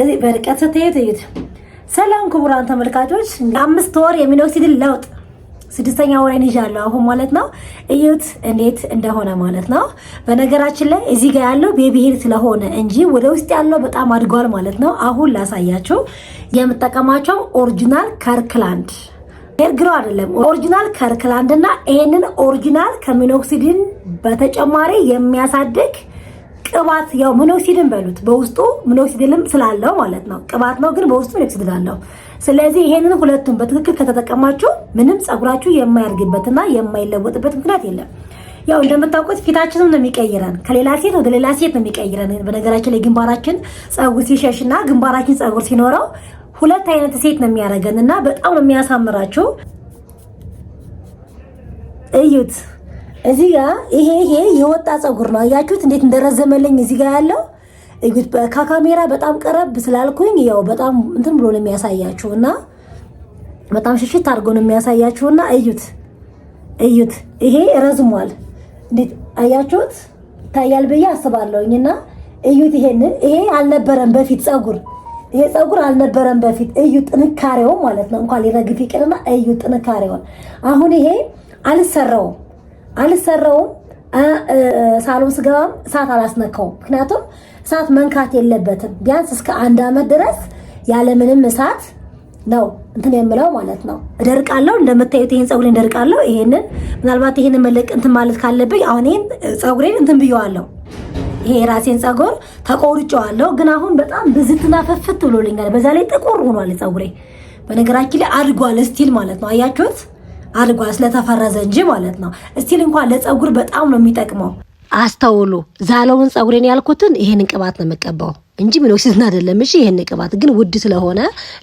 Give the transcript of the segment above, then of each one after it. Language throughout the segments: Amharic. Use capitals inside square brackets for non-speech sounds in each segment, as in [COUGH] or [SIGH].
እዚህ በርቀት ስትሄድ እዩት። ሰላም ክቡራን ተመልካቾች፣ አምስት ወር የሚኖክሲድን ለውጥ ስድስተኛ ወሬን ይዣለሁ አሁን ማለት ነው። እዩት እንዴት እንደሆነ ማለት ነው። በነገራችን ላይ እዚህ ጋር ያለው ቤቢ ሄድ ስለሆነ እንጂ ወደ ውስጥ ያለው በጣም አድጓል ማለት ነው። አሁን ላሳያችሁ የምጠቀማቸው ኦሪጂናል ከርክላንድ ሄርግሮ አይደለም ኦሪጂናል ከርክላንድ እና ይህንን ኦሪጂናል ከሚኖክሲድን በተጨማሪ የሚያሳድግ ቅባት ያው ምኖክሲድን በሉት በውስጡ ሞኖክሲድልም ስላለው ማለት ነው። ቅባት ነው ግን በውስጡ ምኖክሲድ አለው። ስለዚህ ይሄንን ሁለቱን በትክክል ከተጠቀማችሁ ምንም ፀጉራችሁ የማያድግበትና የማይለወጥበት ምክንያት የለም። ያው እንደምታውቁት ፊታችንም ነው የሚቀይረን። ከሌላ ሴት ወደ ሌላ ሴት ነው የሚቀይረን። በነገራችን ላይ ግንባራችን ፀጉር ሲሸሽና ግንባራችን ፀጉር ሲኖረው ሁለት አይነት ሴት ነው የሚያደርገን እና በጣም ነው የሚያሳምራችሁ። እዩት። እዚህ ጋ ይሄ ይሄ የወጣ ፀጉር ነው። አያችሁት እንዴት እንደረዘመልኝ እዚህ ጋ ያለው ከካሜራ በጣም ቀረብ ስላልኩኝ ያው በጣም እንትን ብሎ ነው የሚያሳያችሁ እና በጣም ሽሽት አድርጎ ነው የሚያሳያችሁ እና እዩት እዩት፣ ይሄ ረዝሟል። እንዴት አያችሁት? ይታያል ብዬ አስባለሁኝ እና እዩት ይሄንን። ይሄ አልነበረም በፊት ፀጉር ይሄ ፀጉር አልነበረም በፊት። እዩ ጥንካሬው ማለት ነው። እንኳን ሊረግፍ ይቅርና እዩ ጥንካሬውን። አሁን ይሄ አልሰራውም አልሰራውም። ሳሎን ስገባም እሳት አላስነካውም። ምክንያቱም እሳት መንካት የለበትም። ቢያንስ እስከ አንድ ዓመት ድረስ ያለምንም እሳት ነው እንትን የምለው ማለት ነው። እደርቃለሁ እንደምታዩት ይህን ፀጉሬ እደርቃለሁ። ይሄንን ምናልባት ይሄንን መለቅ እንትን ማለት ካለብኝ አሁን ይህን ፀጉሬን እንትን ብየዋለሁ። ይሄ የራሴን ፀጉር ተቆርጨዋለሁ፣ ግን አሁን በጣም ብዝትና ፈፍት ብሎልኛል። በዛ ላይ ጥቁር ሆኗል ፀጉሬ። በነገራችን ላይ አድጓል ስቲል ማለት ነው። አያችሁት? አድጓ ስለተፈረዘ እንጂ ማለት ነው። እስቲል እንኳን ለፀጉር በጣም ነው የሚጠቅመው። አስተውሉ። ዛለውን ፀጉሬን ያልኩትን ይሄንን ቅባት ነው የምቀባው እንጂ ሚኖክሲድን አይደለም። እሺ ይሄን ቅባት ግን ውድ ስለሆነ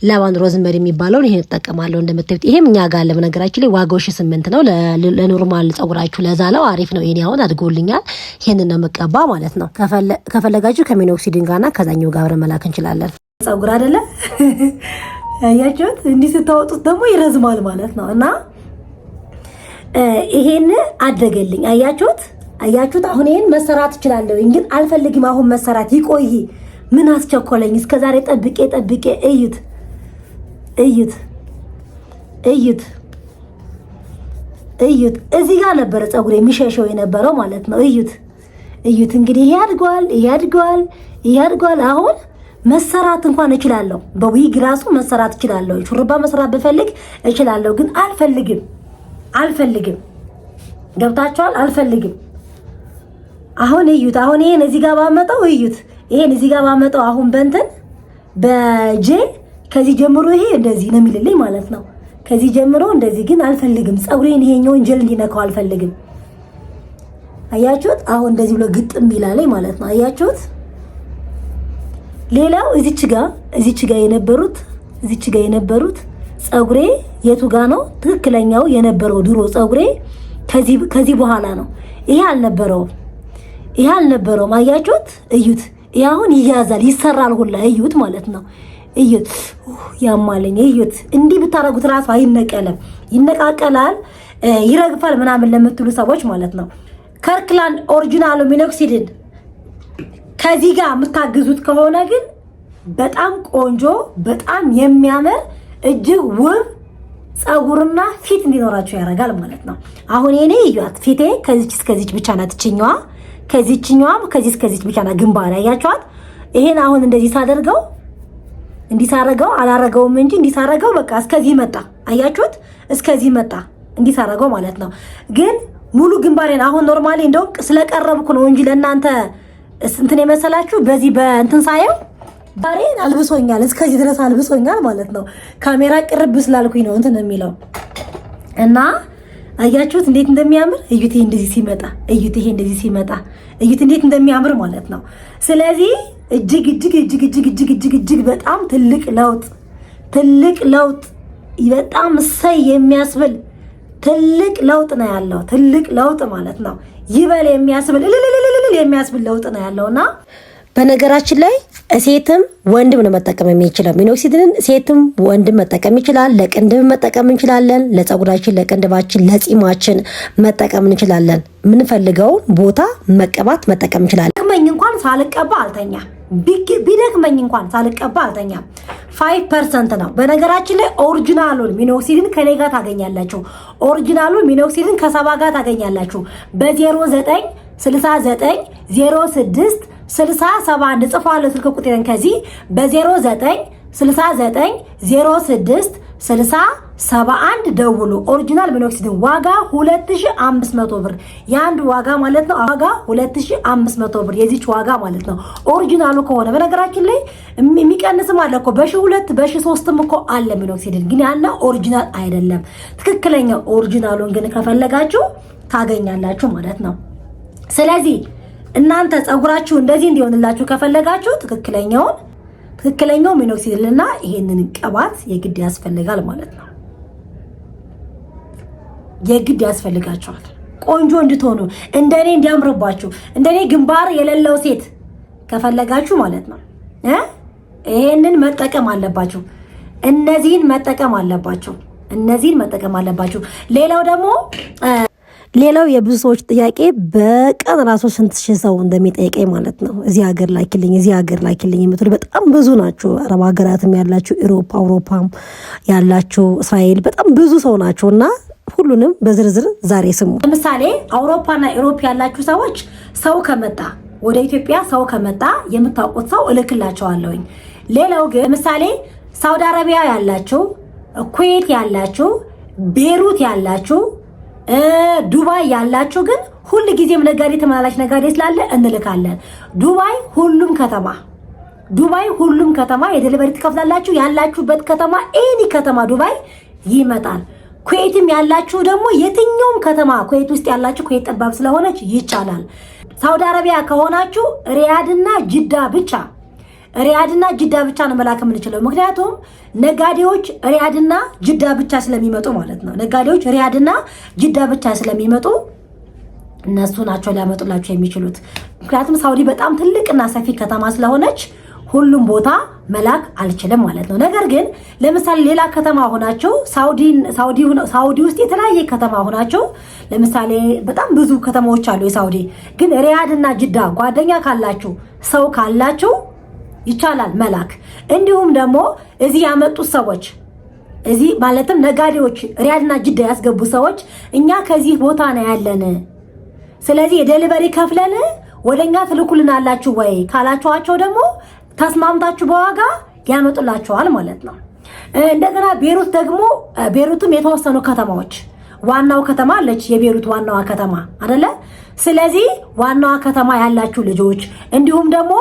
ላቫንድ ሮዝመሪ የሚባለውን ይሄን እጠቀማለሁ። እንደምታዩት ይሄም እኛ ጋር አለ። በነገራችን ላይ ዋጋው ሺ ስምንት ነው። ለኖርማል ፀጉራችሁ ለዛለው አሪፍ ነው። ይሄን አሁን አድጎልኛል። ይሄን ነው የምቀባ ማለት ነው። ከፈለጋችሁ ከሚኖክሲድን ጋርና ከዛኛው ጋር አብረን መላክ እንችላለን። ፀጉር አይደለ [LAUGHS] ያያችሁት፣ እንዲህ ስታወጡት ደግሞ ይረዝማል ማለት ነው እና ይሄን አደገልኝ። አያችሁት? አያችሁት? አሁን ይሄን መሰራት እችላለሁኝ፣ ግን አልፈልግም። አሁን መሰራት ይቆይ። ምን አስቸኮለኝ? እስከዛሬ ጠብቄ ጠብቄ እዩት፣ እዩት፣ እዩት፣ እዩት። እዚህ ጋር ነበረ ፀጉር የሚሸሸው የነበረው ማለት ነው። እዩት፣ እዩት። እንግዲህ ይሄ አድገዋል፣ ይሄ አድገዋል፣ ይሄ አሁን መሰራት እንኳን እችላለሁ። በዊግ ራሱ መሰራት እችላለሁ። ሹርባ መስራት ብፈልግ እችላለሁ፣ ግን አልፈልግም አልፈልግም። ገብታችኋል? አልፈልግም። አሁን እዩት። አሁን ይሄን እዚህ ጋር ባመጣው እዩት። ይሄን እዚህ ጋር ባመጣው አሁን በእንትን በጄ ከዚህ ጀምሮ ይሄ እንደዚህ ነው የሚልልኝ ማለት ነው። ከዚህ ጀምሮ እንደዚህ ግን አልፈልግም። ፀጉሬን ይሄኛው ጀል እንዲነካው አልፈልግም። አያችሁት? አሁን እንደዚህ ብሎ ግጥም ይላለኝ ማለት ነው። አያችሁት? ሌላው እዚች ጋር እዚች ጋር የነበሩት እዚች ጋር የነበሩት ጸጉሬ የቱ ጋ ነው ትክክለኛው የነበረው ድሮ ጸጉሬ ከዚህ በኋላ ነው። ይሄ አልነበረውም፣ ይሄ አልነበረውም። አያችሁት? እዩት። ይሄ አሁን ይያዛል፣ ይሰራል ሁላ እዩት ማለት ነው። እዩት፣ ያማለኝ እዩት። እንዲህ ብታረጉት ራሱ አይነቀልም፣ ይነቃቀላል፣ ይረግፋል ምናምን ለምትሉ ሰዎች ማለት ነው። ከርክላንድ ኦሪጂናሉ ሚኖክሲድን ከዚህ ጋር የምታግዙት ከሆነ ግን በጣም ቆንጆ በጣም የሚያምር እጅግ ውብ ፀጉርና ፊት እንዲኖራቸው ያደርጋል ማለት ነው። አሁን የኔ እያት ፊቴ ከዚች እስከዚች ብቻ ናት። ችኛዋ ከዚችኛዋም ከዚህ እስከዚች ብቻ ናት። ግንባር ያያቸዋት። ይሄን አሁን እንደዚህ ሳደርገው እንዲሳረገው አላረገውም እንጂ እንዲሳረገው በቃ እስከዚህ መጣ። አያችሁት? እስከዚህ መጣ እንዲሳረገው ማለት ነው። ግን ሙሉ ግንባሬን አሁን ኖርማሌ እንደውም ስለቀረብኩ ነው እንጂ ለእናንተ እንትን የመሰላችሁ በዚህ በእንትን ሳየው ዛሬን አልብሶኛል፣ እስከዚህ ድረስ አልብሶኛል ማለት ነው። ካሜራ ቅርብ ስላልኩኝ ነው እንትን የሚለው እና አያችሁት እንዴት እንደሚያምር እዩት። ይሄ እንደዚህ ሲመጣ እዩት። ይሄ እንደዚህ ሲመጣ እዩት እንዴት እንደሚያምር ማለት ነው። ስለዚህ እጅግ እጅግ እጅግ እጅግ እጅግ እጅግ እጅግ በጣም ትልቅ ለውጥ ትልቅ ለውጥ በጣም እሰይ የሚያስብል ትልቅ ለውጥ ነው ያለው። ትልቅ ለውጥ ማለት ነው። ይበል የሚያስብል እልል የሚያስብል ለውጥ ነው ያለውና በነገራችን ላይ ሴትም ወንድም ነው መጠቀም የሚችለው ሚኖክሲድንን ሴትም ወንድም መጠቀም ይችላል። ለቅንድብ መጠቀም እንችላለን። ለፀጉራችን፣ ለቅንድባችን፣ ለጺማችን መጠቀም እንችላለን። የምንፈልገውን ቦታ መቀባት መጠቀም እንችላለን። ደክመኝ እንኳን ሳልቀባ አልተኛ ቢደክመኝ እንኳን ሳልቀባ አልተኛ ፋይቭ ፐርሰንት ነው። በነገራችን ላይ ኦሪጂናሉን ሚኖክሲድን ከኔ ጋር ታገኛላችሁ። ኦሪጂናሉን ሚኖክሲድን ከሰባ ጋር ታገኛላችሁ በ09 69 06 6071 ጽፏለሁ። ስልክ ቁጥርን ከዚህ በ09 69 06 አንድ ደውሉ። ኦሪጂናል ሚኖክሲዲን ዋጋ 2500 ብር የአንድ ዋጋ ማለት ነው። ዋጋ 2500 ብር የዚች ዋጋ ማለት ነው። ኦሪጂናሉ ከሆነ በነገራችን ላይ የሚቀንስም አለ እኮ በሺ ሁለት በሺ ሶስትም እኮ አለ ሚኖክሲድን፣ ግን ያለ ኦሪጂናል አይደለም። ትክክለኛ ኦሪጂናሉን ግን ከፈለጋችሁ ታገኛላችሁ ማለት ነው። ስለዚህ እናንተ ጸጉራችሁ እንደዚህ እንዲሆንላችሁ ከፈለጋችሁ ትክክለኛውን ትክክለኛው ሚኖክሲድልና ይሄንን ቅባት የግድ ያስፈልጋል ማለት ነው። የግድ ያስፈልጋችኋል። ቆንጆ እንድትሆኑ እንደኔ እንዲያምርባችሁ እንደኔ ግንባር የሌለው ሴት ከፈለጋችሁ ማለት ነው ይሄንን መጠቀም አለባችሁ። እነዚህን መጠቀም አለባችሁ። እነዚህን መጠቀም አለባችሁ። ሌላው ደግሞ ሌላው የብዙ ሰዎች ጥያቄ በቀን ራሱ ስንት ሺህ ሰው እንደሚጠይቀኝ ማለት ነው። እዚህ ሀገር ላኪልኝ፣ እዚህ ሀገር ላኪልኝ የምትሉ በጣም ብዙ ናቸው። አረብ ሀገራትም ያላችሁ፣ ኢሮፓ አውሮፓም ያላችሁ፣ እስራኤል በጣም ብዙ ሰው ናቸው እና ሁሉንም በዝርዝር ዛሬ ስሙ። ለምሳሌ አውሮፓና ኢሮፕ ያላችሁ ሰዎች ሰው ከመጣ ወደ ኢትዮጵያ ሰው ከመጣ የምታውቁት ሰው እልክላቸዋለሁኝ። ሌላው ግን ለምሳሌ ሳውዲ አረቢያ ያላችሁ፣ ኩዌት ያላችሁ፣ ቤሩት ያላችሁ ዱባይ ያላችሁ ግን ሁል ጊዜም ነጋዴ ተመላላሽ ነጋዴ ስላለ እንልካለን። ዱባይ ሁሉም ከተማ ዱባይ ሁሉም ከተማ የደሊቨሪ ትከፍላላችሁ። ያላችሁበት ከተማ ኤኒ ከተማ ዱባይ ይመጣል። ኩዌትም ያላችሁ ደግሞ የትኛውም ከተማ ኩዌት ውስጥ ያላችሁ ኩዌት ጠባብ ስለሆነች ይቻላል። ሳውዲ አረቢያ ከሆናችሁ ሪያድና ጅዳ ብቻ ሪያድና ጅዳ ብቻ ነው መላክ የምንችለው። ምክንያቱም ነጋዴዎች ሪያድና ጅዳ ብቻ ስለሚመጡ ማለት ነው። ነጋዴዎች ሪያድና ጅዳ ብቻ ስለሚመጡ እነሱ ናቸው ሊያመጡላቸው የሚችሉት። ምክንያቱም ሳውዲ በጣም ትልቅና ሰፊ ከተማ ስለሆነች ሁሉም ቦታ መላክ አልችልም ማለት ነው። ነገር ግን ለምሳሌ ሌላ ከተማ ሆናችሁ ሳውዲ ውስጥ የተለያየ ከተማ ሆናችሁ ለምሳሌ በጣም ብዙ ከተማዎች አሉ የሳውዲ ግን ሪያድና ጅዳ ጓደኛ ካላችሁ ሰው ካላችሁ ይቻላል መላክ። እንዲሁም ደግሞ እዚህ ያመጡት ሰዎች እዚህ ማለትም ነጋዴዎች ሪያድና ጅዳ ያስገቡ ሰዎች እኛ ከዚህ ቦታ ነው ያለን፣ ስለዚህ የደሊቨሪ ከፍለን ወደ እኛ ትልኩልናላችሁ ወይ ካላችኋቸው ደግሞ ተስማምታችሁ በዋጋ ያመጡላችኋል ማለት ነው። እንደገና ቤሩት ደግሞ ቤሩትም የተወሰኑ ከተማዎች ዋናው ከተማ አለች። የቤሩት ዋናዋ ከተማ አደለ? ስለዚህ ዋናዋ ከተማ ያላችሁ ልጆች እንዲሁም ደግሞ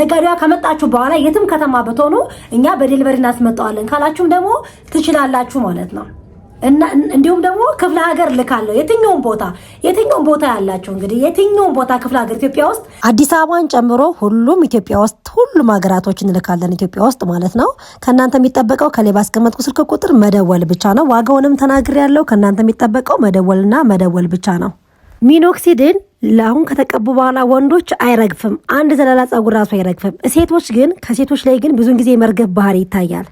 ነጋዴዋ ከመጣችሁ በኋላ የትም ከተማ ብትሆኑ እኛ በዴሊቨሪ እናስመጣዋለን ካላችሁም ደግሞ ትችላላችሁ ማለት ነው። እንዲሁም ደግሞ ክፍለ ሀገር ልካለሁ። የትኛውም ቦታ የትኛውም ቦታ ያላቸው እንግዲህ የትኛውም ቦታ ክፍለ ሀገር ኢትዮጵያ ውስጥ አዲስ አበባን ጨምሮ ሁሉም ኢትዮጵያ ውስጥ ሁሉም ሀገራቶች እንልካለን ኢትዮጵያ ውስጥ ማለት ነው። ከእናንተ የሚጠበቀው ከላይ ባስቀመጥኩ ስልክ ቁጥር መደወል ብቻ ነው። ዋጋውንም ተናግሬ ያለው ከእናንተ የሚጠበቀው መደወልና መደወል ብቻ ነው። ሚኖክሲድን አሁን ከተቀቡ በኋላ ወንዶች አይረግፍም። አንድ ዘለላ ጸጉር ራሱ አይረግፍም። ሴቶች ግን ከሴቶች ላይ ግን ብዙን ጊዜ የመርገፍ ባህሪ ይታያል።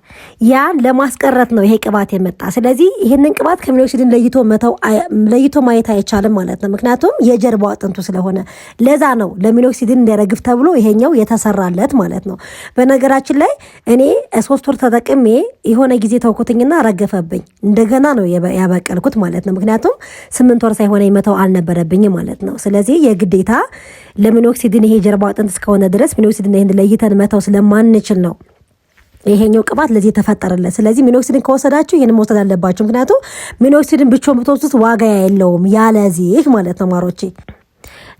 ያን ለማስቀረት ነው ይሄ ቅባት የመጣ። ስለዚህ ይህንን ቅባት ከሚኖክሲድን ለይቶ መተው ለይቶ ማየት አይቻልም ማለት ነው። ምክንያቱም የጀርባው አጥንቱ ስለሆነ ለዛ ነው ለሚኖክሲድን እንዳይረግፍ ተብሎ ይሄኛው የተሰራለት ማለት ነው። በነገራችን ላይ እኔ ሶስት ወር ተጠቅሜ የሆነ ጊዜ ተውኩትኝና ረገፈብኝ። እንደገና ነው ያበቀልኩት ማለት ነው። ምክንያቱም ስምንት ወር ሳይሆነ መተው አልነበረብኝ ማለት ነው። ስለዚህ የግዴታ ለሚኖክሲድን ይሄ ጀርባ አጥንት እስከሆነ ድረስ ሚኖክሲድን ይህን ለይተን መተው ስለማንችል ነው ይሄኛው ቅባት ለዚህ የተፈጠረለት። ስለዚህ ሚኖክሲድን ከወሰዳችሁ ይህን መውሰድ አለባቸው። ምክንያቱም ሚኖክሲድን ብቻውን ብትወስዱት ዋጋ የለውም ያለዚህ ማለት ነው ማሮቼ።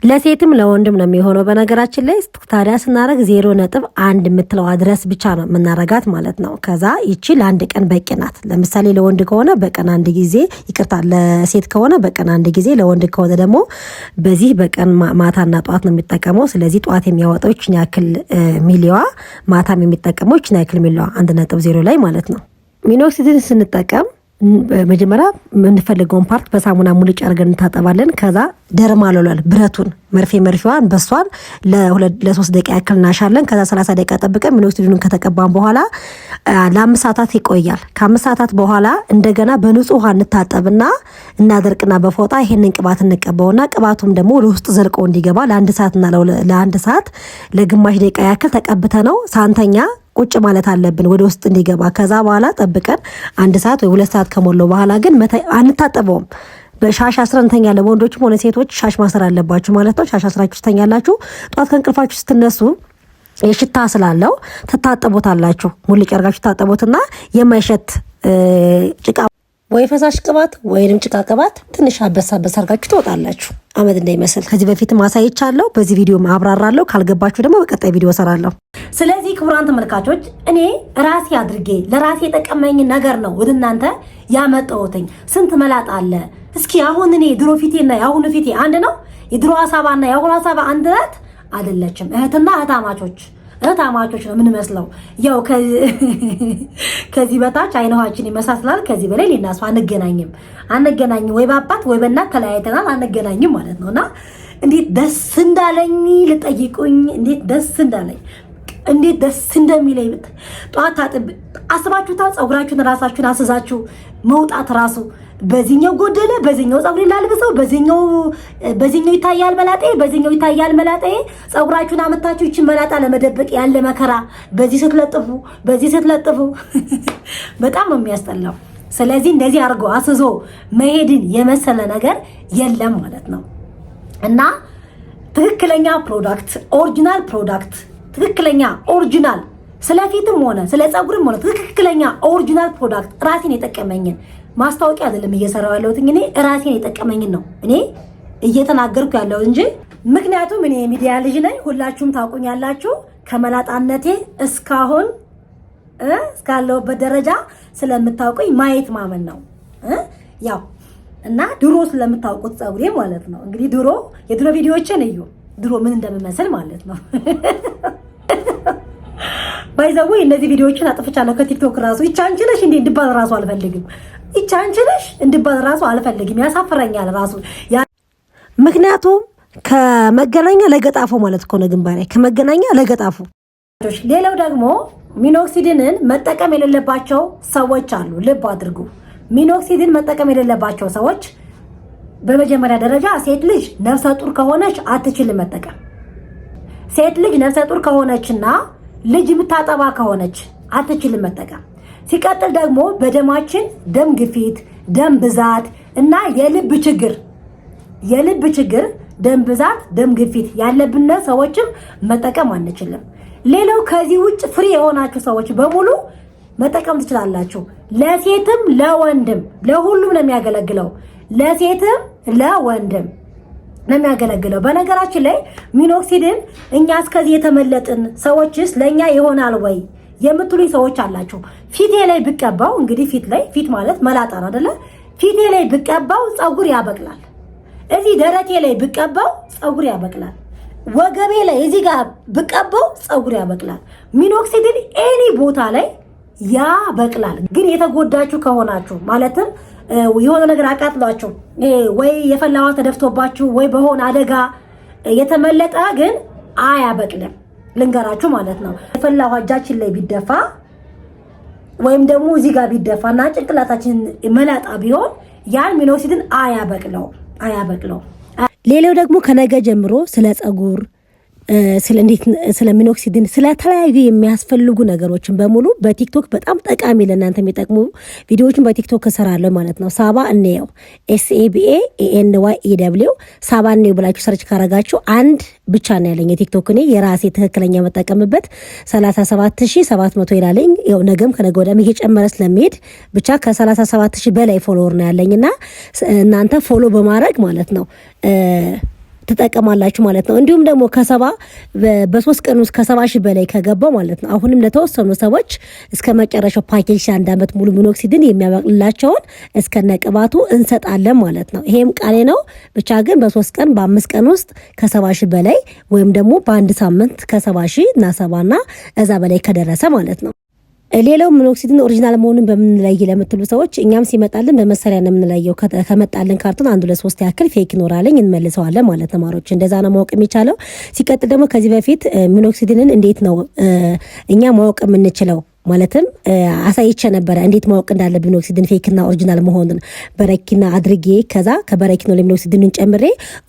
ለሴትም ለወንድም ነው የሚሆነው። በነገራችን ላይ ታዲያ ስናደረግ ዜሮ ነጥብ አንድ የምትለዋ ድረስ ብቻ ነው የምናረጋት ማለት ነው። ከዛ ይቺ ለአንድ ቀን በቂ ናት። ለምሳሌ ለወንድ ከሆነ በቀን አንድ ጊዜ ይቅርታ፣ ለሴት ከሆነ በቀን አንድ ጊዜ፣ ለወንድ ከሆነ ደግሞ በዚህ በቀን ማታና ጠዋት ነው የሚጠቀመው። ስለዚህ ጠዋት የሚያወጣው ይችን ያክል ሚሊዋ፣ ማታም የሚጠቀመው ይችን ያክል ሚሊዋ አንድ ነጥብ ዜሮ ላይ ማለት ነው። ሚኖክሲድን ስንጠቀም መጀመሪያ የምንፈልገውን ፓርት በሳሙና ሙልጭ አድርገን እንታጠባለን። ከዛ ደርማ ለሏል ብረቱን መርፌ መርፌዋን በሷን ለሶስት ደቂቃ ያክል እናሻለን። ከዛ ሰላሳ ደቂቃ ጠብቀን ሚኖክሲዲኑን ከተቀባን በኋላ ለአምስት ሰዓታት ይቆያል። ከአምስት ሰዓታት በኋላ እንደገና በንጹህ ውሃ እንታጠብና እናደርቅና በፎጣ ይሄንን ቅባት እንቀባውና ቅባቱም ደግሞ ለውስጥ ዘልቆ እንዲገባ ለአንድ ሰዓትና ለአንድ ሰዓት ለግማሽ ደቂቃ ያክል ተቀብተ ነው ሳንተኛ ቁጭ ማለት አለብን፣ ወደ ውስጥ እንዲገባ። ከዛ በኋላ ጠብቀን አንድ ሰዓት ወይ ሁለት ሰዓት ከሞላው በኋላ ግን አንታጠበውም። በሻሽ አስረን እንተኛለን። ወንዶችም ሆነ ሴቶች ሻሽ ማሰር አለባችሁ ማለት ነው። ሻሽ አስራችሁ ስተኛላችሁ። ጠዋት ከእንቅልፋችሁ ስትነሱ የሽታ ስላለው ትታጠቡታላችሁ። ሙልጭ አርጋችሁ ትታጠቡትና የማይሸት ጭቃ ወይ ፈሳሽ ቅባት ወይንም ጭቃ ቅባት ትንሽ አበሳበስ አርጋችሁ ትወጣላችሁ። አመድ እንዳይመስል ከዚህ በፊትም አሳይቻለሁ። በዚህ ቪዲዮ አብራራለሁ። ካልገባችሁ ደግሞ በቀጣይ ቪዲዮ ሰራለሁ ስለዚህ ክቡራን ተመልካቾች እኔ ራሴ አድርጌ ለራሴ የጠቀመኝ ነገር ነው ወደ እናንተ ያመጣሁትኝ። ስንት መላጥ አለ። እስኪ አሁን እኔ ድሮ ፊቴና የአሁኑ ፊቴ አንድ ነው? የድሮ ሀሳባና የአሁኑ ሀሳባ አንድ ናት አይደለችም። እህትና እህታማቾች እህታማቾች ነው የምንመስለው። ያው [LAUGHS] ከዚህ በታች አይነዋችን ይመሳስላል። ከዚህ በላይ ሌናሱ አንገናኝም አንገናኝም። ወይ በአባት ወይ በእናት ተለያይተናል፣ አንገናኝም ማለት ነው እና እንዴት ደስ እንዳለኝ ልጠይቁኝ፣ እንዴት ደስ እንዳለኝ እንዴት ደስ እንደሚለኝ ብት ጠዋት ታጥብ አስባችሁታል? ፀጉራችሁን ራሳችሁን አስዛችሁ መውጣት ራሱ በዚህኛው ጎደለ፣ በዚህኛው ፀጉር ላልብሰው፣ በዚህኛው ይታያል መላጤ፣ በዚህኛው ይታያል መላጤ። ፀጉራችሁን አመታችሁ ይችን መላጣ ለመደበቅ ያለ መከራ በዚህ ስትለጥፉ፣ በዚህ ስትለጥፉ [LAUGHS] በጣም ነው የሚያስጠላው። ስለዚህ እንደዚህ አድርጎ አስዞ መሄድን የመሰለ ነገር የለም ማለት ነው እና ትክክለኛ ፕሮዳክት ኦሪጂናል ፕሮዳክት ትክክለኛ ኦሪጂናል ስለፊትም ሆነ ስለ ፀጉርም ሆነ ትክክለኛ ኦሪጂናል ፕሮዳክት ራሴን የጠቀመኝን ማስታወቂያ አይደለም እየሰራው ያለሁት እኔ ራሴን የጠቀመኝን ነው እኔ እየተናገርኩ ያለው እንጂ ምክንያቱም እኔ የሚዲያ ልጅ ነኝ። ሁላችሁም ታውቁኛላችሁ። ከመላጣነቴ እስካሁን እስካለሁበት ደረጃ ስለምታውቁኝ ማየት ማመን ነው። ያው እና ድሮ ስለምታውቁት ፀጉሬ ማለት ነው። እንግዲህ ድሮ የድሮ ቪዲዮዎችን እዩ፣ ድሮ ምን እንደምመስል ማለት ነው። [LAUGHS] ባይዘው እነዚህ ቪዲዮዎችን አጥፍቻለሁ ከቲክቶክ ራሱ። ይቺ እንዴ እንድባል ራሱ አልፈልግም። ይቺ እንድባል ራሱ አልፈልግም። ያሳፍረኛል ራሱ ምክንያቱም ከመገናኛ ለገጣፎ ማለት ከሆነ ግንባሬ ከመገናኛ ለገጣፎ። ሌላው ደግሞ ሚኖክሲድንን መጠቀም የሌለባቸው ሰዎች አሉ። ልብ አድርጉ። ሚኖክሲድን መጠቀም የሌለባቸው ሰዎች በመጀመሪያ ደረጃ ሴት ልጅ ነፍሰ ጡር ከሆነች አትችልም መጠቀም። ሴት ልጅ ነፍሰ ጡር ከሆነችና ልጅ የምታጠባ ከሆነች አትችልም መጠቀም። ሲቀጥል ደግሞ በደማችን ደም ግፊት፣ ደም ብዛት እና የልብ ችግር የልብ ችግር፣ ደም ብዛት፣ ደም ግፊት ያለብን ሰዎችም መጠቀም አንችልም። ሌላው ከዚህ ውጭ ፍሪ የሆናችሁ ሰዎች በሙሉ መጠቀም ትችላላችሁ። ለሴትም ለወንድም ለሁሉም ነው የሚያገለግለው። ለሴትም ለወንድም ነው የሚያገለግለው። በነገራችን ላይ ሚኖክሲድን እኛ እስከዚህ የተመለጥን ሰዎችስ ለእኛ ይሆናል ወይ የምትሉኝ ሰዎች አላችሁ። ፊቴ ላይ ብቀባው እንግዲህ ፊት ላይ ፊት ማለት መላጣን አደለ? ፊቴ ላይ ብቀባው ፀጉር ያበቅላል። እዚህ ደረቴ ላይ ብቀባው ፀጉር ያበቅላል። ወገቤ ላይ እዚህ ጋር ብቀባው ፀጉር ያበቅላል። ሚኖክሲድን ኤኒ ቦታ ላይ ያበቅላል። ግን የተጎዳችሁ ከሆናችሁ ማለትም የሆነ ነገር አቃጥሏችሁ ወይ የፈላዋ ተደፍቶባችሁ ወይ በሆነ አደጋ የተመለጠ ግን አያበቅልም። ልንገራችሁ ማለት ነው። የፈላዋ እጃችን ላይ ቢደፋ ወይም ደግሞ እዚህ ጋር ቢደፋ እና ጭንቅላታችን መላጣ ቢሆን ያን ሚኖሲድን አያበቅለው አያበቅለው። ሌላው ደግሞ ከነገ ጀምሮ ስለ ፀጉር ስለ ሚኖክሲድን ስለተለያዩ የሚያስፈልጉ ነገሮችን በሙሉ በቲክቶክ በጣም ጠቃሚ ለእናንተ የሚጠቅሙ ቪዲዮዎችን በቲክቶክ እሰራለሁ ማለት ነው። ሳባ እንየው ኤስኤቢኤ ኤንዋይ ኢደብሊው ሳባ እንየው ብላችሁ ሰርች ካረጋችሁ አንድ ብቻ ነው ያለኝ የቲክቶክ እኔ የራሴ ትክክለኛ መጠቀምበት 37700 ይላለኝ። ያው ነገም ከነገ ወዲያም እየጨመረ ስለሚሄድ ብቻ ከ37000 በላይ ፎሎወር ነው ያለኝ እና እናንተ ፎሎ በማድረግ ማለት ነው ትጠቀማላችሁ ማለት ነው። እንዲሁም ደግሞ ከሰባ በሶስት ቀን ውስጥ ከሰባ ሺህ በላይ ከገባ ማለት ነው አሁንም ለተወሰኑ ሰዎች እስከ መጨረሻው ፓኬጅ አንድ ዓመት ሙሉ ሚኖክሲድን የሚያበቅልላቸውን እስከነ ቅባቱ እንሰጣለን ማለት ነው። ይሄም ቃሌ ነው። ብቻ ግን በሶስት ቀን በአምስት ቀን ውስጥ ከሰባ ሺህ በላይ ወይም ደግሞ በአንድ ሳምንት ከሰባ ሺህ እና እና እዛ በላይ ከደረሰ ማለት ነው ሌላው ሚኖክሲዲን ኦሪጂናል መሆኑን በምንለይ ለምትሉ ሰዎች እኛም ሲመጣልን በመሰሪያ ነው የምንለየው። ከመጣልን ካርቶን አንዱ ለሶስት ያክል ፌክ ይኖራለኝ እንመልሰዋለን ማለት ተማሪዎች፣ እንደዛ ነው ማወቅ የሚቻለው። ሲቀጥል ደግሞ ከዚህ በፊት ሚኖክሲዲንን እንዴት ነው እኛ ማወቅ የምንችለው ማለትም አሳይቼ ነበረ እንዴት ማወቅ እንዳለብኝ ነው ፌክና ኦሪጂናል መሆኑን በረኪና አድርጌ ከዛ ከበረኪና ለሚለው ኦክሲድንን ጨምሬ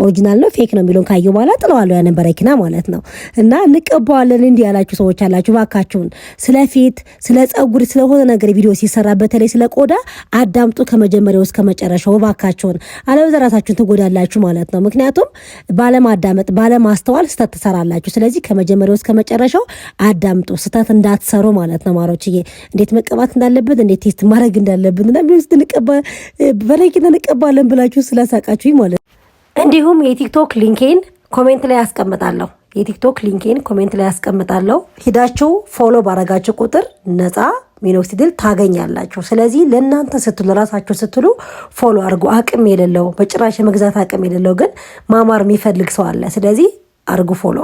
ኦሪጂናል ነው ፌክ ነው የሚለውን ካየሁ በኋላ ጥለዋለሁ ያንን በረኪና ማለት ነው። እና እንቀባዋለን እንዲህ ያላችሁ ሰዎች አላችሁ። እባካችሁን ስለ ፊት፣ ስለ ጸጉር፣ ስለሆነ ነገር ቪዲዮ ሲሰራ በተለይ ስለ ቆዳ አዳምጡ ከመጀመሪያው እስከ መጨረሻው እባካችሁን። አለበለዚያ ራሳችሁን ትጎዳላችሁ ማለት ነው። ምክንያቱም ባለማዳመጥ፣ ባለማስተዋል ስህተት ትሰራላችሁ። ስለዚህ ከመጀመሪያው እስከ መጨረሻው አዳምጡ፣ ስህተት እንዳትሰሩ ማለት ነው። ተማሪዎችዬ እንዴት መቀባት እንዳለበት እንዴት ቴስት ማድረግ እንዳለበት እና ቢስ ንቀባ በላይኪና እንቀባለን ብላችሁ ስላሳቃችሁኝ ማለት ነው። እንዲሁም የቲክቶክ ሊንኬን ኮሜንት ላይ ያስቀምጣለሁ። የቲክቶክ ሊንኬን ኮሜንት ላይ ያስቀምጣለሁ። ሂዳችሁ ፎሎ ባረጋችሁ ቁጥር ነፃ ሚኖክሲድል ታገኛላችሁ። ስለዚህ ለእናንተ ስትሉ ለራሳችሁ ስትሉ ፎሎ አድርጉ። አቅም የሌለው በጭራሽ የመግዛት አቅም የሌለው ግን ማማር የሚፈልግ ሰው አለ። ስለዚህ አድርጉ ፎሎ